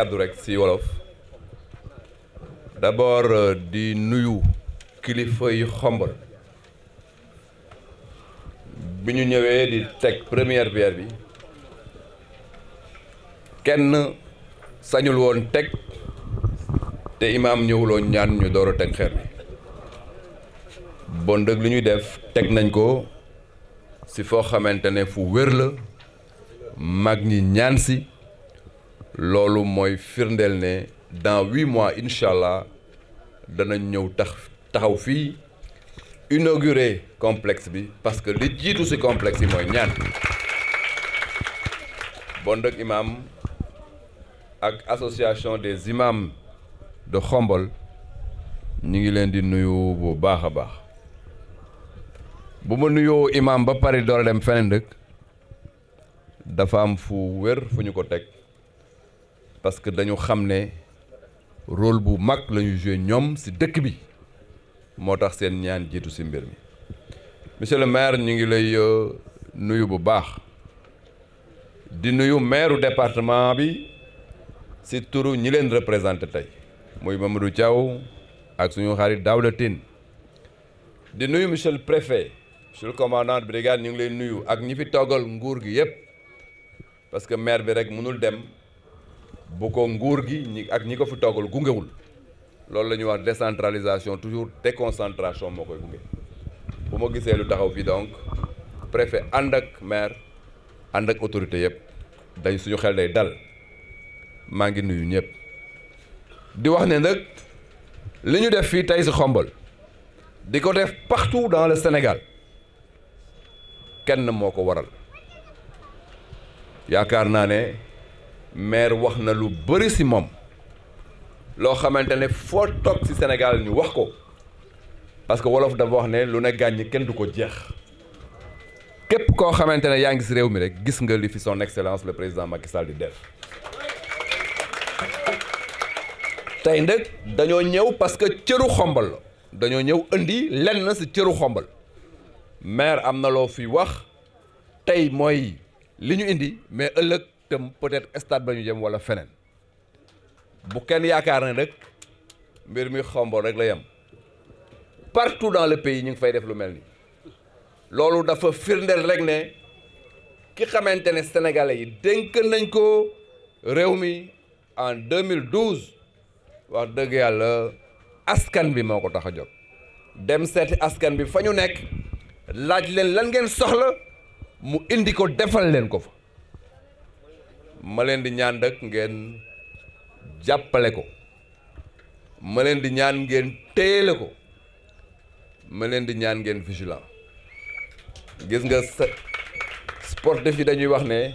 kàddu rek ci wolof d'abord euh, di nuyu kilifa yu xombal bi ñu ñëwee di teg première pierre bi kenn sañul woon teg te imaam ñëwuloon ñaan ñu door a teg xeer bi bon li ñuy def teg nañ ko ci foo xamante ne fu wér la mag ñi ñaan si loolu mooy firndeel ne dans huit mois incha allah danañ ñëw tax taxaw fii inaugurer complexe bi parce que li jiitu ci complexe yi mooy ñaan bon dëkk imam ak association des imams de Khombole ñu ngi leen di nuyu bu baax a baax bu ma nuyoo imam ba pare door a dem feneen dëkk dafa am fu wér fu ñu ko teg parce que dañu xam ne rôle bu mag la ñu ñoom ci dëkk bi moo tax seen ñaan jiitu ci mbir mi monsieur le maire ñu ngi lay euh, nuyu bu baax di nuyu maire département bi ci turu ñi leen représenté tey muy Mamadou Thiaw ak suñu xarit Daouda Tine di nuyu monsieur le préfet monsieur le commandant brigade ñu ngi lay nuyu ak ñi fi toggal nguur gi yépp parce que maire bi rek mënul dem bu ko nguur gi ñi ak ñi ko fi toogal gungewul loolu la ñuy wax décentralisation toujours déconcentration moo koy gunge bu ma gisee lu taxaw fii donc préfet ànd ak maire ànd ak autorité yëpp dañ suñu xel day dal maa ngi nuyu ñëpp di wax ne nag li ñu def fii tey si xombal di ko def partout dans le senegal kenn moo ko waral yaakaar naa ne maire wax na lu bëri si moom loo xamante ne foo toog si Sénégal ñu wax ko parce que wolof dafa wax ne lu ne gàññ kenn du ko jeex képp koo xamante ne yaa ngi si réew mi rek gis nga li fi son excellence le président Macky di def tey nag dañoo ñëw parce que cëru xombal la dañoo ñëw indi lenn si cëru xombal maire am na loo fi wax tey mooy li ñu indi mais ëllëg te peut-être ba ñu jëm wala feneen bu kenn yaakaar na rek mbir mi xomboon rek la yem partout dans le pays ñu ngi fay def lu mel ni loolu dafa firndeel rek ne ki xamante ne sénégalais yi dénk nañ ko réew mi en 2012 wax dëgg yàlla askan bi moo ko tax a jot dem seeti askan bi fa ñu nekk laaj leen lan ngeen soxla mu indi ko defal leen ko fa ma leen di ñaan rek ngeen jàppale ko ma leen di ñaan ngeen téele ko ma leen di ñaan ngeen vigilant gis nga sportif yi dañuy wax ne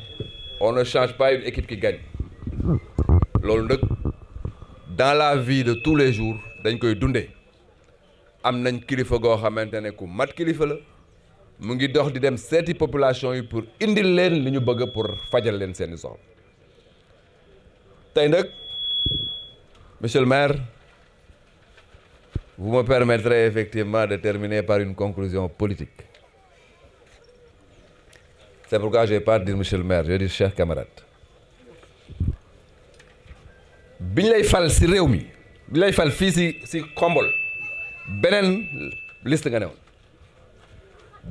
on change pas équipe qui gagne loolu nag dans la vie de tous les jours dañ koy dundee am nañ kilifa goo xamante ne ku mat kilifa la mu ngi dox di dem seeti population yi pour indil leen li ñu bëgg pour fajal leen seeni soxla tey nag monsieur le maire vous me permettrez effectivement de terminer par une conclusion politique c'est pourquoi je vais pas dire monsieur le maire je vais dire chers camarades biñ lay fal ci réew mi biñ lay fal fii ci ci Khombole beneen liste nga ne woon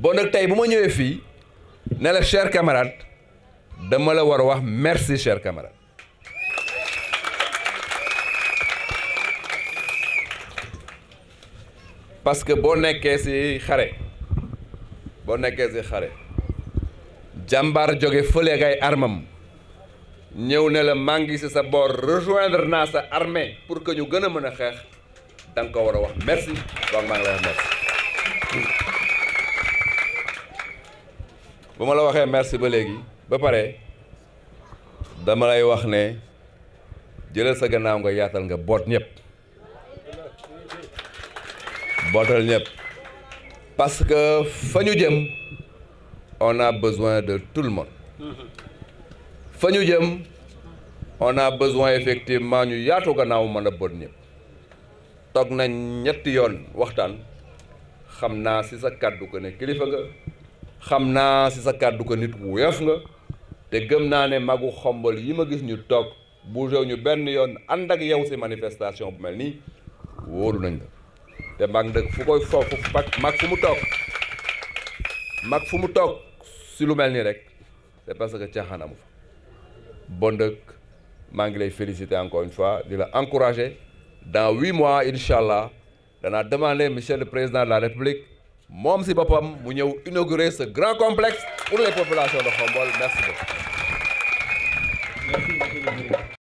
bon nag tey bu ma ñëwee fii ne la chers camarades dama la war a wax merci chers camarades parce que boo nekkee ci xare boo nekkee ci xare jàmbaar jóge fële ngay armam ñëw ne la maa ngi ci sa boor rejoindre naa sa armée pour que ñu gën a mën a xeex danga ko war a wax merci donc maa ma la waxee merci ba léegi ba pare dama lay wax ne jëlal sa gannaaw nga yaatal nga boot ñëpp bootal ñëpp parce que fa ñu jëm on a besoin de tout le monde fa ñu jëm on a besoin effectivement ñu yaatu gannaaw mën a boot ñëpp toog nañ ñetti yoon waxtaan xam naa ci sa kàddu ko ne kilifa nga xam naa ci sa kàddu ko nit woyof nga te gëm naa ne magu xombal yi ma gis ñu toog bu réew ñu benn yoon ànd ak yow si manifestation bu mel nii wóoru nañ la te mag dëgg fu koy foofu mag fu mu toog mag fu mu toog si lu mel nii rek c'est parce que caaxaan amu fa bon dëgg maa ngi lay féliciter encore une fois di la encourager dans huit mois incha allah danaa demande monsieur le président de la république moom si boppam mu ñëw inaugurer ce grand complexe pour les populations de Khombole merci beaucoup.